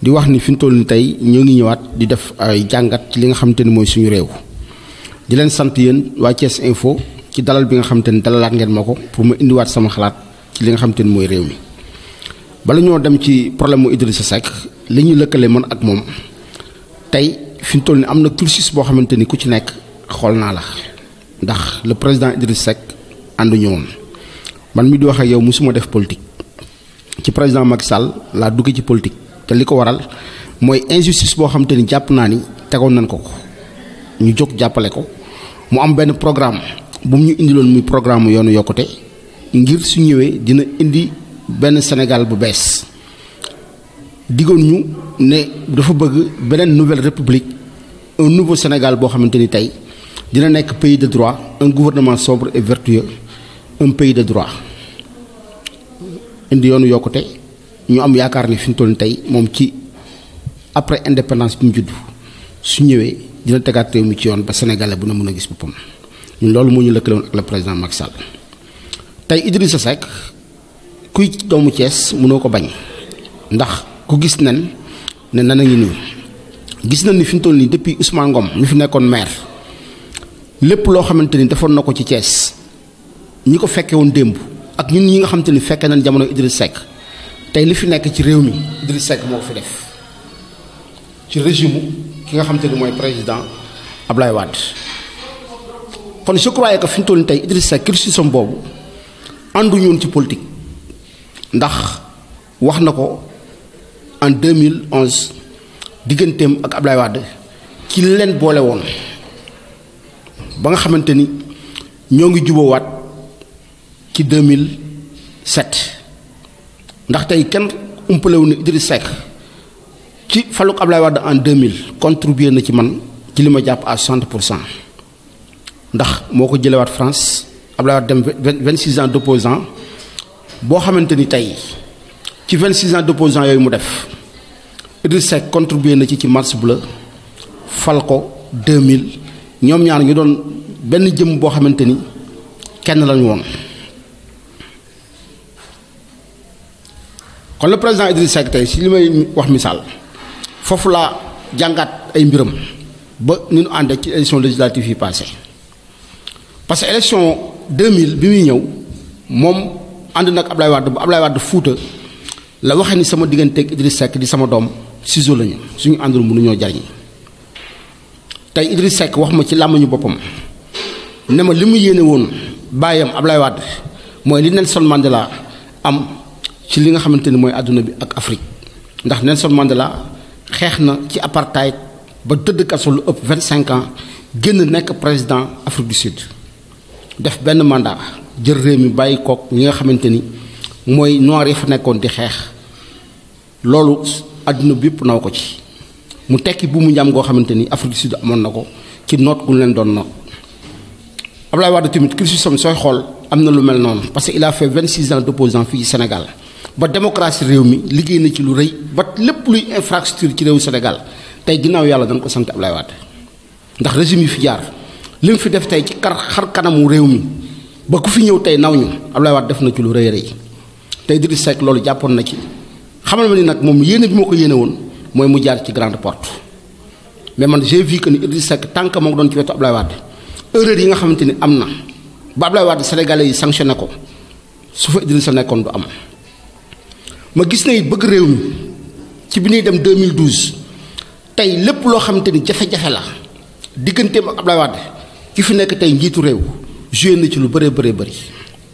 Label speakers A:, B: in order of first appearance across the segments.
A: di wax ni fi mu toll ni tey ñoo ngi ñëwaat di def ay jàngat ci li nga xamante ni mooy suñu réew di leen sant yéen waa Thiès Info ci dalal bi nga xamante ni dalalaat ngeen ma ko pour ma indiwaat sama xalaat ci li nga xamante ni mooy réew mi bala ñoo dem ci problème mu Idrissa Seck li ñu lëkkale man ak moom tey fi mu toll ni am na cursus boo xamante ni ku ci nekk xool naa la ndax le président Idrissa Seck ànduñu woon man mi di wax ak yow mosuma def politique ci président Macky Sall laa dugg ci politique te li ko waral mooy injustice boo xam te ni jàpp naa ni tegoon nañ ko ko ñu jóg jàppale ko mu am benn programme bu mu ñu indiloon muy programme mu yoonu yokkute ngir su ñëwee dina indi benn Sénégal bu bees diggoon ñu ne dafa bëgg beneen nouvelle république un nouveau Sénégal boo xamante ni tey dina nekk pays de droit un gouvernement sobre et vertueux un pays de droit indi yoonu yokkute ñu am yaakaar ni fi ñu toll tey moom ci après independance bi mu juddu su ñëwee dina tegaat ci yoon ba sénégalais bu na mën a gis boppam ñun loolu moo ñu lëkkale woon ak la président Macky Sall tey sa Seck kuy doomu cees mënoo ko bañ ndax ku gis nen ne nan a ngi nii gis nañ ni fi ñu toll nii depuis Ousmane Ngom ñu fi nekkoon maire lépp loo xamante ni defoon na ko ci cees ñi ko fekke woon démb ak ñun ñi nga xamante ni fekke nañ jamono Idrissa Seck tay li fi nek ci rew mi Idriss Seck mo fi def ci régime ki nga xamanteni moy mooy président Ablaye wad kon je croyais que fi ñu tay Idriss Seck son bobu andu ñun ci politique ndax wax nako en 2011 digganteem ak Ablaye wad ci leen bolé won ba nga xamanteni ñoo ngi ci 2007 ndax tey kenn umpalewu ni Idriss Seck ci faluk Ablaye Wade en mille contribué na ci man ci li ma jàpp à 60 pour cent ndax moo ko jëlewaat France Ablaye Wade dem vingt six ans d'opposant boo xamante ni tey ci vingt six ans d'opposant yooyu mu def Idriss Seck contribué na ci ci mars bleu fal ko mille ñoom ñaar ñu doon benn jëm boo xamante ni kenn lañu woon kon le président Idrissa Seck tey si li may wax misaal foofu laa jàngaat ay mbiram ba ni ñu ànd ci élection législative yi passé parce que élection 2000 bi muy ñëw moom ànd nag Ablaye Wade ba Ablaye Wade fuuta la waxee ni sama digganteeg Idrissa sekk di sama doom ciseaux lañu suñu àndul ñoo jariñ tey Idrissa sekk wax ma ci làmmiñu boppam ne ma li mu yéene woon bàyyam Ablaye Wade mooy li Nelson laa am. ci li nga xamante ni mooy àdduna bi ak Afrique ndax Nelson Mandela xeex na ci apartheid ba tëdd kaso lu ëpp vingt ans génn nekk président Afrique du Sud def benn mandat jël réew mi bàyyi kook ñi nga xamante ni mooy noir yi fa nekkoon di xeex loolu àdduna bi yëpp naw ko ci mu tekki bu mu njàm goo xamante ni Afrique du Sud amoon na ko ci note gu leen doon noot Abdoulaye Wade tamit Christian soy xool am na lu mel noonu parce que il a fait 26 ans d'opposant fii Sénégal ba démocratie réew mi liggéey na ci lu rëy ba lépp luy infrastructure ci réew Sénégal tey ginnaaw yàlla dañ ko sant Ablaye Wade ndax régime yi fi jaar li mu fi def tey ci kar xar kanamu réew mi ba ku fi ñëw tey naw ñu Ablaye Wade def na ci lu rëy rëy tey Idriss Seck loolu jàppoon na ci xamal ma ni nag moom yéene bi ma ko yéene woon mooy mu jaar ci grande porte mais man j'ai vu que ni Idriss Seck tant que moo doon ci wetu Ablaye Wade erreur yi nga xamante ni am na ba sénégalais yi sanctionné ko su fa Idriss nekkoon du am. ma gis na it bëgg réew mi ci bi ñuy dem 2012 tey lépp loo xamante ni jafe-jafe la digganteem ak Abdoulaye Wade ki fi nekk tey njiitu réew joué na ci lu bare bëree bari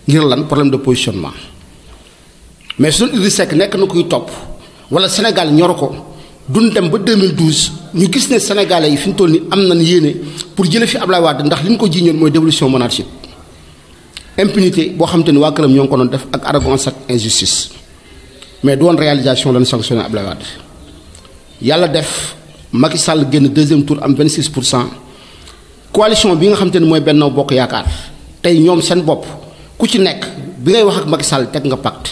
A: ngir lan problème de positionnement mais suñu Idrissa Seck nekk na kuy topp wala Sénégal ñor ko duñ dem ba 2012 ñu gis ne sénégalais yi fi ñu toll ni am nañ yéene pour jële fi Abdoulaye Wade ndax li ñu ko jiiñoon mooy dévolution monarchique impinité boo xamante ni waa këram ñoo ngi ko doon def ak arrogance ak injustice. mais doon réalisation lañ sanctionné Abdoulaye Wade yalla def Macky Sall génn deuxième tour am 26 coalition bi nga xam te ne mooy Benno Bokk Yaakaar tey ñoom seen bopp ku ci nekk bi ngay wax ak Macky Sall teg nga pacte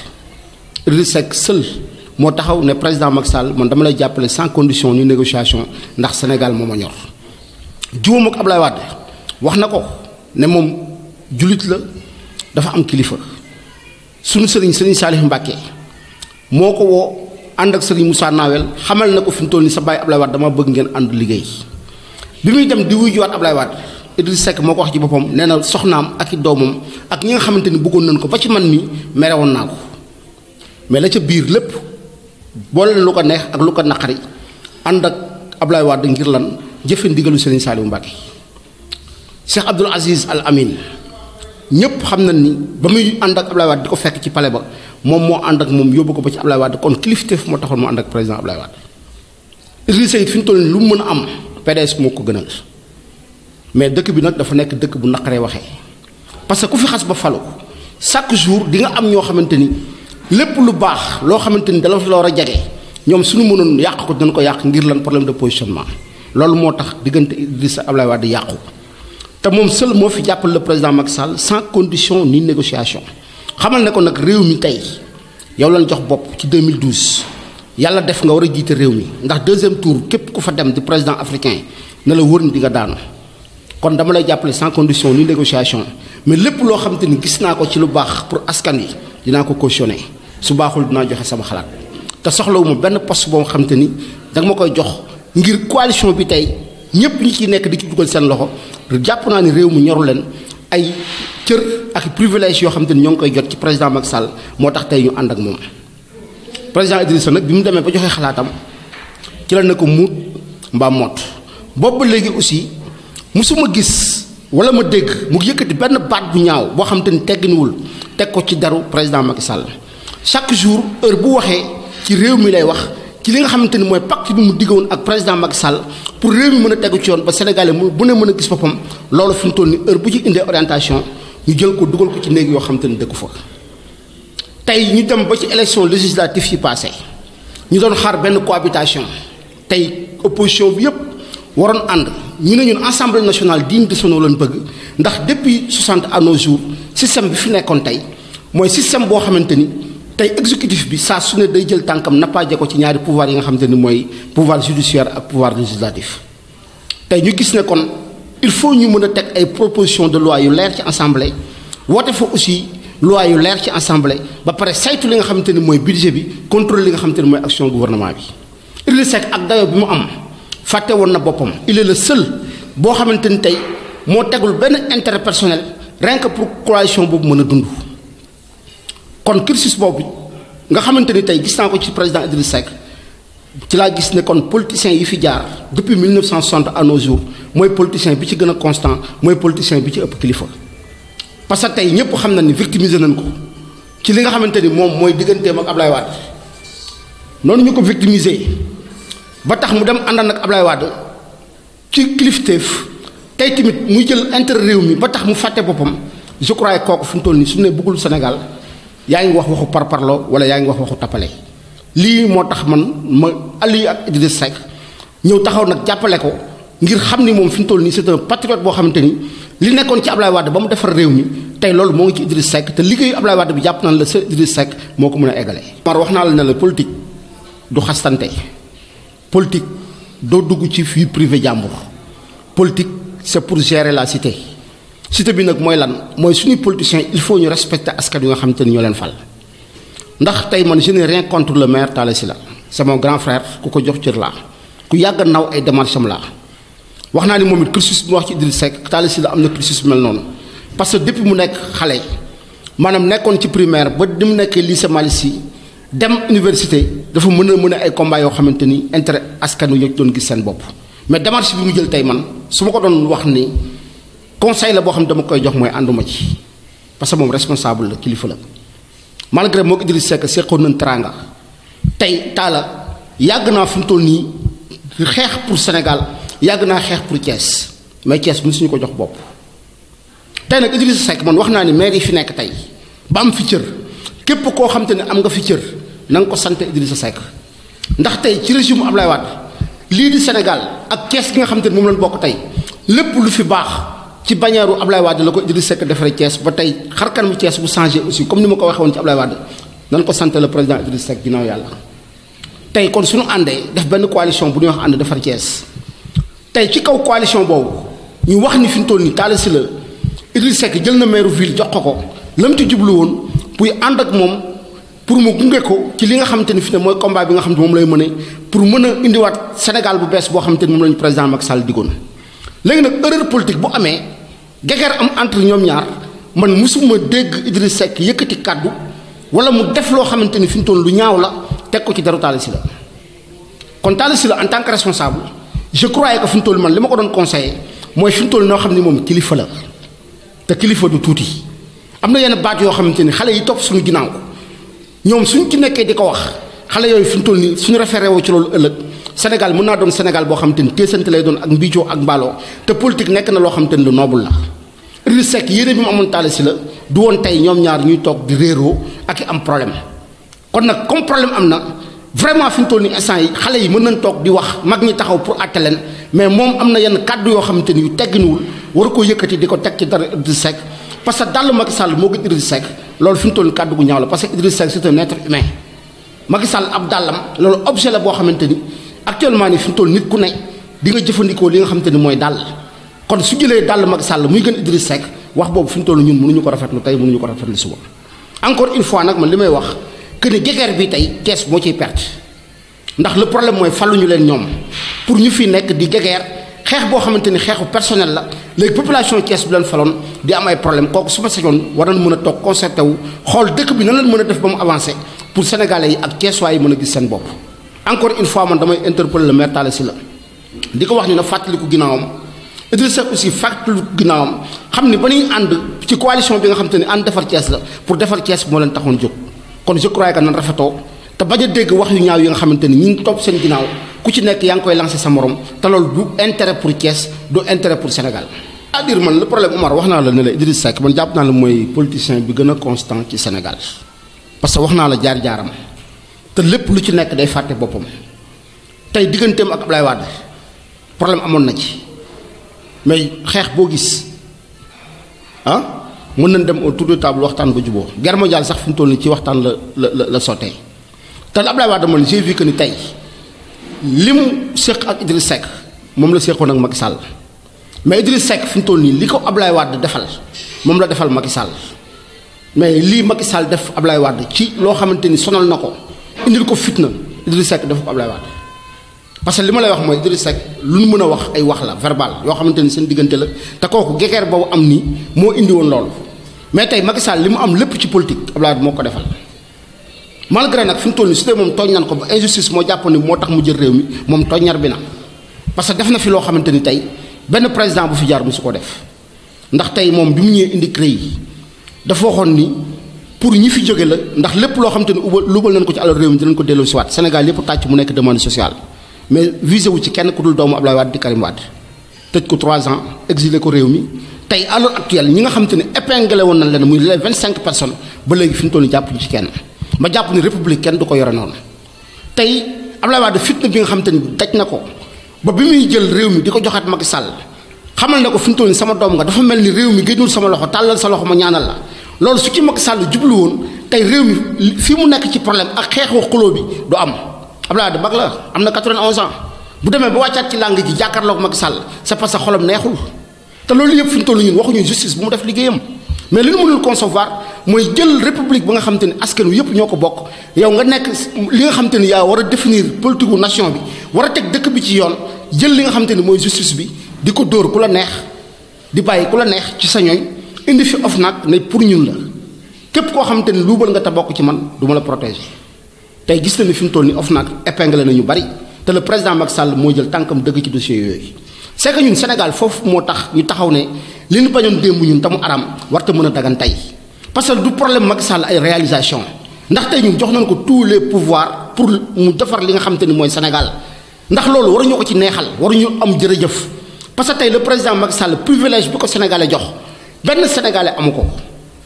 A: Idrissa seul moo taxaw ne président Macky Sall man dama lay jàppale sans condition ni négociation ndax Sénégal moo ma ñor juum ak Ablaye Wade wax na ko ne moom julit la dafa am kilifa sunu sëriñ sëriñ Saalif Mbàkke moko wo and ak serigne Moussa Nawel xamal na ko fi sa baye ablay wat dama bëgg ngeen and liggéey bi muy dem di wuyjuwaat Ablaye Wade Idriss Seck moo wax ci boppam neena soxnam ak i ak ñi nga xamanteni ni nañ ko ba ci man mi mere won nako mais la ca biir lépp boole lu ko neex ak lu ko nakari and ak ablay ngir lan ndigalu serigne salim mbake Cheikh abdul Aziz Al Amin ñëpp xam nañ ni ba muy ànd ak Abdoulaye Wade di ko fekk ci palais ba moom moo ànd ak moom yóbbu ko ba ci Abdoulaye Wade kon kilifteef moo taxoon mu ànd ak président Abdoulaye Wade Idriss Seyd fi mu lu mën am PDS moo ko gënal mais dëkk bi nag dafa nekk dëkk bu naqaree waxee parce que ku fi xas ba falu chaque jour di nga am ñoo xamante ni lépp lu baax loo xamante ni dala la war a jage ñoom suñu mënoon yàq ko dana ko yàq ngir lan problème de positionnement loolu moo tax diggante Idriss Wade yàqu te moom seul moo fi jàppale le président Macky Sall sans condition ni négociation xamal ne ko nag réew mi tey yow lan jox bopp ci 2012 yàlla def nga war a jiite réew mi ndax deuxième tour képp ku fa dem di président africain na la wër ni di nga daanu kon dama lay jàppale sans condition ni négociation mais lépp loo xam te ni gis naa ko ci lu baax pour askan wi dinaa ko cautionné su baaxul dinaa joxe sama xalaat te soxlawuma benn poste boo xam te ni danga ma koy jox ngir coalition bi tey. ñëpp ñi ci nekk di ci dugal seen loxo jàpp naa ne réew mi ñoru leen ay cër ak privilège yoo xam te ni ñoo ngi koy jot ci président Macky Sall moo tax tey ñu ànd ak moom président Idrissa nag bi mu demee ba joxee xalaatam ci la ne ko muut mbaam mott boobu léegi aussi ma gis wala ma dégg mu yëkkati benn baat bu ñaaw boo xam te ni tegginuwul teg ko ci daru président Macky Sall chaque jour heure bu waxee ci réew mi lay wax ci li nga xamante ni mooy pacte bi mu diggoon ak président Macky Sall pour réew mi mën a tegu ci yoon ba Sénégalais mu bu ne mën a gis boppam loolu fi mu toll ni heure bu ci indee orientation ñu jël ko dugal ko ci néeg yoo xam te ne dëkku fa tey ñu dem ba ci élection législative yi passé ñu doon xaar benn cohabitation tey opposition bi yépp waroon ànd ñu ne ñun assemblée nationale digne de son lañ bëgg ndax depuis 60 à nos jours système bi fi nekkoon tey mooy système boo xamante ni tey exécutif bi saa su ne day jël tànkam nappaaje ko ci ñaari pouvoir yi nga xamante ni mooy pouvoir judiciaire ak pouvoir législatif tey ñu gis ne kon il faut ñu mën a teg ay proposition de loi yu leer ci assemblée woote fa aussi loi yu leer ci assemblée ba pare saytu li nga xamante ni mooy budget bi contrôle li nga xamante ni mooy action gouvernement bi Idrissa sec ak dayo bi mu am fàtte woon na boppam il est le seul boo xamante ni tey moo tegul benn intérêt personnel rien que pour coalition boobu mën a dund kon crisis bobu nga xamanteni tay tey gis naa ko ci président Idriss Seck ci la gis ne kon politiciens yi fi jaar depuis 1960 à nos jours moy politicien bi ci gëna constant moy politicien bi ci ëpp kilifa. parce que tay ñëpp xam nañ ni victimiser nañ ko ci li nga xamanteni mom moy digënté digganteem ak Ablaye Wade nonu ñu ko victimiser ba tax mu dem àndaan ak Ablaye Wade ci kliftef tay timit muy jël intérêt réew mi ba tax mu faté bopam je crois kooku fu mu toll nii su ne bëggul Sénégal. yaa ngi wax waxu parparloo wala yaa ngi wax waxu tappale lii moo tax man ma Aliou ak Idriss Seck ñëw taxaw nag jàppale ko ngir xam ni moom fi mu toll nii c'est un boo xamante ni li nekkoon ci Ablaye Wade ba mu defar réew mi tey loolu moo ngi ci Idriss Seck te liggéeyu Ablaye Wade bi jàpp naan la sa Idriss Seck moo ko mën a eggale. Mar wax naa la ne la politique du xastante politique doo dugg ci vie privée jàmbur politique c'est pour gérer la cité. cité bi nag moy lan moy suñuy politiciens il faut ñu respecter askan wi nga xamante ñoo leen fal ndax tay man je n'ai rien contre le maire Talla Sylla c'est mon grand frère ku ko jox cër la ku yàgg naw ay démarches am laa wax naa ni moom it cursus mu wax ci Idriss Seck Talla Sylla am na cursus mel noonu parce que depuis mu nekk xale maanaam nekkoon ci primaire ba ni mu nekkee lycée Malick dem université dafa mën a mën a ay combat yoo xamante ni intérêt askan wi ñoo doon gis seen bopp mais démarche bi mu jël tey man su ma ko doon wax ni. conseil la bo xam dama koy jox moy anduma ci parce que moom responsable la kilifa la malgré moo ko Idriss sek sekko nañ teranga tay tala yag na fu tol ni xex pour senegal yag na xex pour Thiès mais Thiès mu suñu ko jox bop tay nak Idriss sek man wax naa ni maire fi nek tay bam fi cieur kep ko xam tane am nga fi cieur nang ko sante Idriss sek ndax tay ci régime Ablaye Wade li di senegal ak Thiès gi nga xam tane mom lañ bok tay lepp lu fi bax ci bañaru ablay wad la ko Idriss Seck defaree Thiès ba xar kan mu ties bu changer aussi comme ni ma ko waxee ci ablay wad nan ko sant le président Idriss ginaaw yalla tay kon suñu àndee def ben coalition bu ñu wax ànd defar ties tay ci kaw coalition bobu ñu wax ni fiñ mu toll le taal si Idriss jël na maire ville jox ko lam ci jublu won puy and ak mom pour mu gungé ko ci li nga xamanteni fi ne moy combat bi nga xamanteni mom lay mëne pour mëna indi wat Sénégal bu bees bo xamanteni mom lañu président mak Sall légui nak erreur politique bu amé gegeer am entre ñoom ñaar man mosuma dégg Idriss Seck yëkkati kàddu wala mu def loo xamante ni fi mu toon lu ñaaw la teg ko ci deru Talla Sylla kon Talla Sylla en tant que responsable je croyais que fi toll man li ma ko doon conseillé mooy fi mu toll noo xam ni moom kilifa la te kilifa du tuuti am na yenn baat yoo xamante ni xale yi topp suñu ginnaaw ñoom suñu ci nekkee di ko wax xale yooyu fi mu toll nii suñu référé woo ci loolu ëllëg Sénégal mën naa doon Sénégal boo xamante ni téesante lay doon ak mbiicoo ak mbaaloo te politique nekk na loo xamante ni lu noble la Idriss Seck yéene bi mu amoon Talla Sylla du woon tey ñoom ñaar ñuy toog di réeroo ak am problème kon nag comme problème am na vraiment fi mu toll nii instant yi xale yi mën nañ toog di wax mag ñi taxaw pour àtte leen mais moom am na yenn kàddu yoo xamante ni yu tegginuwul war ko yëkkati di ko teg ci dara Idriss Seck parce que dàll Macky sàll moo gën Idriss Seck loolu fi mu toll kàddu gu ñaaw la parce que Idriss Seck c'est un être humain Macky Sall ab dàllam loolu objet boo xamante ni actuellement nii fi mu toll nit ku ne di nga jëfandikoo li nga xamante ni mooy dàll. kon su jëlee dàll Macky Sall muy gën Idriss Seck wax boobu fi ñu toll ñun mënuñu ko rafetlu tey mënuñu ko rafetlu suba encore une fois nag man li may wax que ne guerre bi tey Thiès moo ciy perte ndax le problème mooy ñu leen ñoom pour ñu fi nekk di guerre xeex boo xamante ni xeexu personnel la léegi population Thiès bi leen faloon di am ay problème kooku su ma sañoon war nañ mën a toog concerté wu xool dëkk bi na leen mën a def ba mu avancé pour sénégalais yi ak yi mën a gis seen bopp encore une fois man damay interpeller le maire Talla Sylla di ko wax ni na fàttaliku ginnaawam et de fàttali aussi xam gnam xamni ñuy and ci coalition bi nga xam tane and defar ties la pour defar ties mo len taxone jog kon je crois que nan rafato te baña a wax yu ñaaw yi nga xamante ni ñi top topp seen ginnaaw ku ci nek yang koy lancer sa morom te lol du intérêt pour ties du intérêt pour Sénégal c'est-à-dire man le problème Omar waxna la ne la Idriss sak man japp na la moy politicien bi gëna constant ci Sénégal parce que waxna la jaar jaaram te lepp lu ci nek day faté bopam tay digëntem ak ablay wad problème amon na ci mais xeex boo gis ah mën nañ dem autour de table waxtaan ba juboo guerre jaal sax fi mu toll nii ci waxtaan la la la la ab te Abdoulaye Wade man j'ai vu que ni tey li mu séq ak Idriss Seck moom la séqoon ak Macky Sall mais Idriss Seck fi mu toll nii li ko Abdoulaye Wade defal moom la defal Macky Sall mais lii Macky Sall def Abdoulaye Wade ci loo xamante ni sonal na ko indil ko fitna Idriss Seck def ko Abdoulaye Wade. parce que li ma lay wax mooy Idrissa Seck lu ñu mën a wax ay wax la verbal yoo xamante ni seen diggante la te kooku gegeer boobu am ni moo indi woon loolu mais tey Macky Sall li mu am lépp ci politique Abdoulaye moo ko defal malgré nag fi mu toll nii su dee moom tooñ nan ko ba injustice moo jàpp ni moo tax mu jël réew mi moom tooñar bi na parce que def na fi loo xamante ni tey benn président bu fi jaar su ko def ndax tey moom bi mu ñëwee indi CREI yi dafa waxoon ni pour fi jóge la ndax lépp loo xamante ni ubal lubal nañ ko ci alal réew mi dinañ mu nekk demande sociale mais visé wu ci kenn ku dul doomu Abdoulaye Wade di Karim Wade tëj ko trois ans exilé ko réew mi tey à l'heure ñi nga xam te ne épinglé woon nañ leen muy les vingt cinq personnes ba léegi fi mu toll nii jàpp ci kenn ma jàpp ni république kenn du ko yore noonu tey Abdoulaye Wade fitna bi nga xam te ni daj na ko ba bi muy jël réew mi di ko joxaat Macky Sall xamal na ko fi mu toll nii sama doom nga dafa mel ni réew mi génnul sama loxo tàllal sa loxo ma ñaanal la loolu su ci Macky Sall jublu woon tey réew mi fi mu nekk ci problème ak xeexu xuloo bi du am amna de mag la am 91 ans bu demé bu wàccaat ci langue ji jàkkaarloog Macky Sall c'est parce que xolam neexul té loolu yëpp fi ñu ñun waxu ñu justice bu mu def ligéyam mais li ñu mënul concevoir moy jël république ba nga xam tane ni askan wi yëpp ñoo ko yow nga nekk li nga xam tane ya wara définir politique nation bi wara tek teg dëkk bi ci yoon jël li nga xam tane moy justice bi di ko dóor ku la neex di bàyyi ku la neex ci sa ñooñ indi fi of nag ne pour ñun la képp koo xam tane ni luubal nga ta bokk ci man duma la protéger. tey gis nañu fi mu toll nii OFNAC épinglé na ñu bari te le président Macky Sall moo jël tànkam dëgg ci dossier yooyu c'est que ñun Sénégal foofu moo tax ñu taxaw ne li ñu bañoon démb ñun tamu aram warta mën a dagan tey parce que du problème Macky sàll ay réalisation ndax tey ñun jox nañ ko tous les pouvoirs pour mu defar li nga xam te ni mooy Sénégal ndax loolu war waruñu ko ci neexal waruñu am jërëjëf parce que tey le président Macky Sall privilège bi ko Sénégalais jox benn Sénégalais amu ko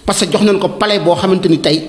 A: parce que jox nañ ko palais boo xamante ni tey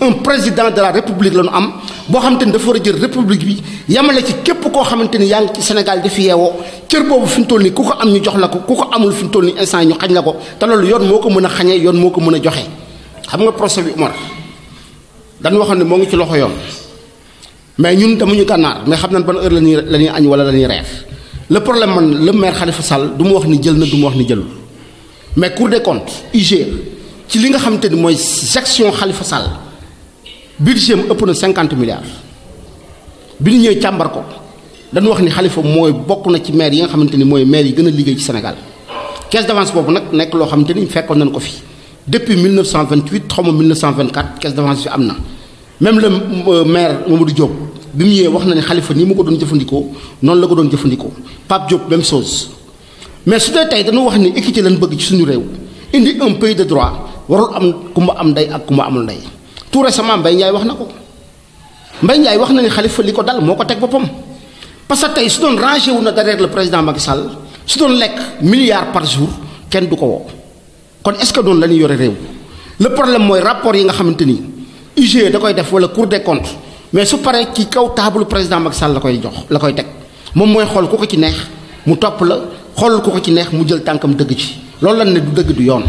A: un président de la république la am boo xam xamante ni dafa war a jël république bi yamale si képp koo xamante ni yaa ngi ci Sénégal di fi yeewoo cër boobu fi mu toll nii ku ko am ñu jox la ko ku ko amul fi mu toll nii instant ñu xañ la ko te loolu yoon moo ko mën a xañee yoon moo ko mën a joxe. xam nga procès bi Umar dañu waxoon ne moo ngi ci loxo yoon mais ñun demuñu gànnaar mais xam nañ ban heure la ñuy la ñuy añ wala la ñuy reer le problème man le maire Khalifa Sall du ma wax ni jël na du ma wax ni jëlul mais Cour des comptes IG ci li nga xamante ni mooy section Khalifa Sall. budget am ëpp na cinquante milliards bi nu ñëwee càmbar ko dañu wax ni Khalifa mooy bokk na ci maire yi nga xamante ni mooy maire yi gën a liggéey ci Sénégal caisse d'avance boobu nag nekk loo xamante ni fekkoon nañu ko fi depuis 1928 xaw ma 1924 caisse d'avance bi am na même le euh, maire Mamadou Diop bi mu ñëwee wax na ne Khalifa nii mu ko doon jëfandikoo noonu la ko doon jëfandikoo Pape job même soos mais su dee tey dañu wax ni équité leen bëgg ci suñu réew indi un pays de droit warul am ku ma am ndey ak ku ma amul ndey. tout sama mbay Ndiaye wax na ko Mbaye Ndiaye wax na ni Khalifa li ko dal moo ko teg boppam parce que tey su doon rangé wu na derrière le président Macky Sall su doon lekk milliard par jour kenn du ko woo kon est-ce que doon la ñuy yore réew le problème mooy rapport yi nga xamante ni IGE da koy def wala Cour des comptes mais su paree ci kaw table président Macky Sall la koy jox la koy teg moom mooy xool ku ko ci neex mu topp la xool ku ko ci neex mu jël tànkam dëgg ci loolu lan ne dëgg du yoon.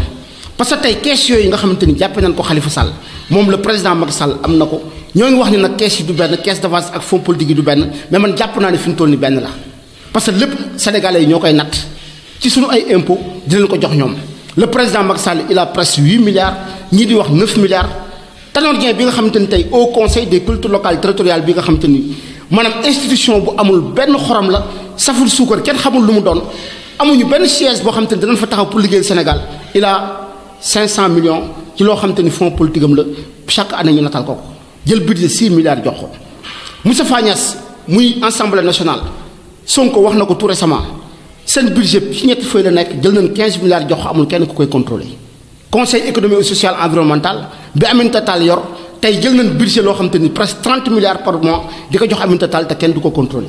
A: parce que tey kees yooyu nga xamante ni jàppe nañ ko Khalifa Sall moom le président Macky Sall am na ko ñoo ngi wax ni nag kees yi du benn kees d'avance ak fonds politique yi du benn mais man jàpp naa ne fi mu toll ni benn la parce que lépp sénégalais yi ñoo koy natt ci suñu ay impôt dinañ ko jox ñoom le président Macky Sall il a presque huit milliards ñii di wax neuf milliards Tanor Dieng bi nga xamante ni tey au conseil des cultures locales territoriales bi nga xamante ni maanaam institution bu amul benn xorom la saful suukar kenn xamul lu mu doon amuñu benn siège boo xamante ni dinañ fa taxaw pour liggéeyal Sénégal il a 500 millions ci lo xam fonds politique am la chaque année ñu natal ko jël budget 6 milliards jox ko Moustapha Niass muy ensemble national Sonko wax na tout récemment sen budget ci ñet feuille la nek jël nañ 15 milliards jox amul kenn ku koy contrôler conseil économique social environnemental bi amine Tall yor tay jël nañ budget lo xam presque 30 milliards par mois diko jox amine Tall ta kenn du ko contrôler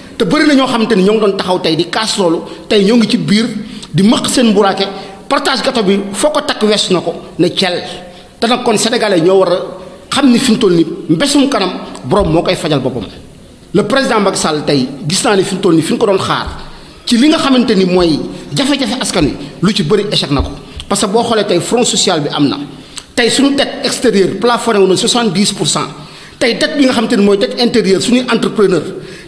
A: te bëri na ñoo xamante ni ñoo ngi doon taxaw tey di kaas loolu tey ñoo ngi ci biir di mëq seen mburaake partage gâteau bi foo ko takk wees na ko ne cel te nag kon sénégalais ñoo war a xam ni fi mu toll nii mbesum kanam borom moo koy fajal boppam. le président Macky Sall tey gis naa ne fi mu toll nii fi ñu ko doon xaar ci li nga xamante ni mooy jafe-jafe askan wi lu ci bëri échec na ko parce que boo xoolee tey front social bi am na tey suñu dette extérieure plafonné wu na 70 pour cent tey dette nga xamante ni mooy dette intérieure suñuy entrepreneur.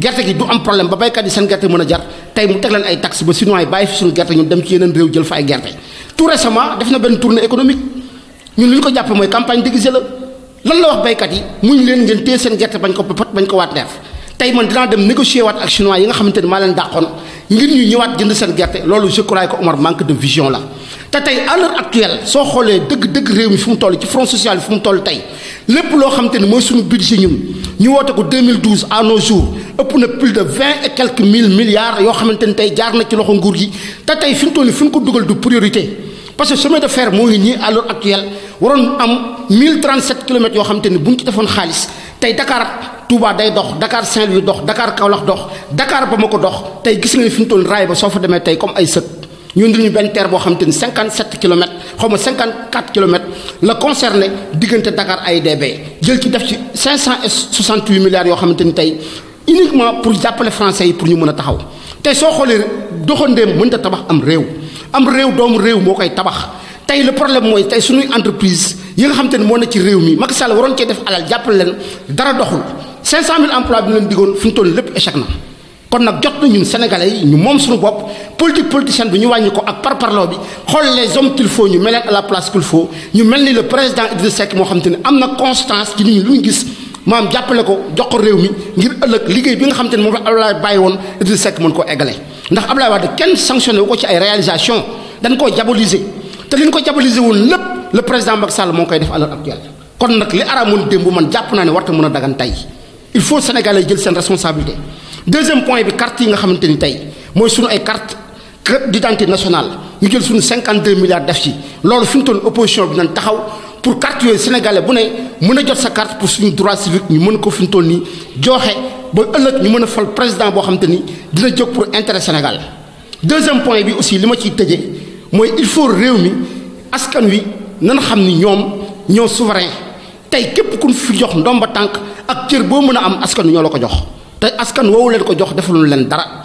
A: gerte gi du am problème ba baykat yi seen gerte mën a jar tey mu teg leen ay taxes ba chinois bàyyi fi suñu gerte ñun dem ci yeneen réew jël fa gerte tout récemment def na benn tournée économique ñun li ko jàppe mooy campagne déguisée la lan la wax baykat yi muñ leen ngeen téye seen gerte bañ ko pot bañ ko waat neef tey man dinaa dem négocier waat ak chinois yi nga xamante ne maa leen dàqoon ngir ñu ñëwaat jënd seen gerte loolu je crois que Omar manque de vision la te tey à xoolee dëgg-dëgg réew mi fu mu toll ci front social bi toll tey lépp loo xamante ne mooy suñu woote ko 2012 à nos Pour ne plus de vingt et quelques mille milliards yoo xamante ni tey jaar na ci loxo nguur gi te tey fi mu toll ko dugal du priorité parce que sommet de fer moo ngi nii à l'heure actuelle waroon am 1037 kilomètres yoo xamante ni bu ñu ci Dakar. Touba day dox Dakar Saint-Louis dox Dakar Kaolack dox Dakar Bamako dox tey gis nga ne fi mu toll raay ba soo fa demee comme ay sët ñu ñu benn terre boo xam 57 km, xaw 54 km. la concerné diggante Dakar AIBD jël ci def ci 568 milliards yoo xamante ni uniquement pour jàppale français pour ñu mëna taxaw taxaw so soo xoolee doxandeem mënta tabax am réew am réew doom réew mo koy tabax tay le problème moy tay suñuy entreprise yi nga xam te ne moo ci réew mi Macky Sall waroon cee def alal jappel leen dara doxul 500000 emplois bi ñu leen diggoon fi mu toll lépp échec na. kon nak jot na ñun sénégalais ñu mom suñu bop politique politicienne bi ñu wàññi ko ak parparloo bi xool les hommes qu'il faut ñu mel à la place qu'il faut ñu melni le président Idriss Seck mo xam te ne constance ci ñu ñi lu ñu gis maam jàppale ko jox ko réew mi ngir ëllëg liggéey bi nga xam te ne moom la Abdoulaye bàyyi woon Idrissa mën koo eggale ndax Abdoulaye Wade kenn sanctionné wu ko ci ay réalisation dañ koo diaboliser te li ñu ko diaboliser woon lépp le président Macky Sall moo koy def à l'heure actuelle kon nag li araamoon démb man jàpp naa ne warta mën a dagan tey il faut Sénégalais jël seen responsabilité deuxième point bi carte yi nga xamante ni tey mooy suñu ay carte d'identité nationale ñu jël suñu 52 milliards def ci loolu fi mu toll opposition bi nañ taxaw pour carte yooyu sénégalais bu ne mën jot sa carte pour suñu droit civique ñu mëna ko fi tolni joxé ba ëlëk ñu mëna fal président bo xam ni dina jóg pour intérêt Sénégal deuxième point bi aussi lima ci ciy moy il faut réew mi askan wi nan xam ni ñoom ñoo souverain tay képp kuñ fi jox ndomba tank ak cër bo mëna am askan ñoo la ko jox tay askan woowu leen ko jox defaluñu leen dara.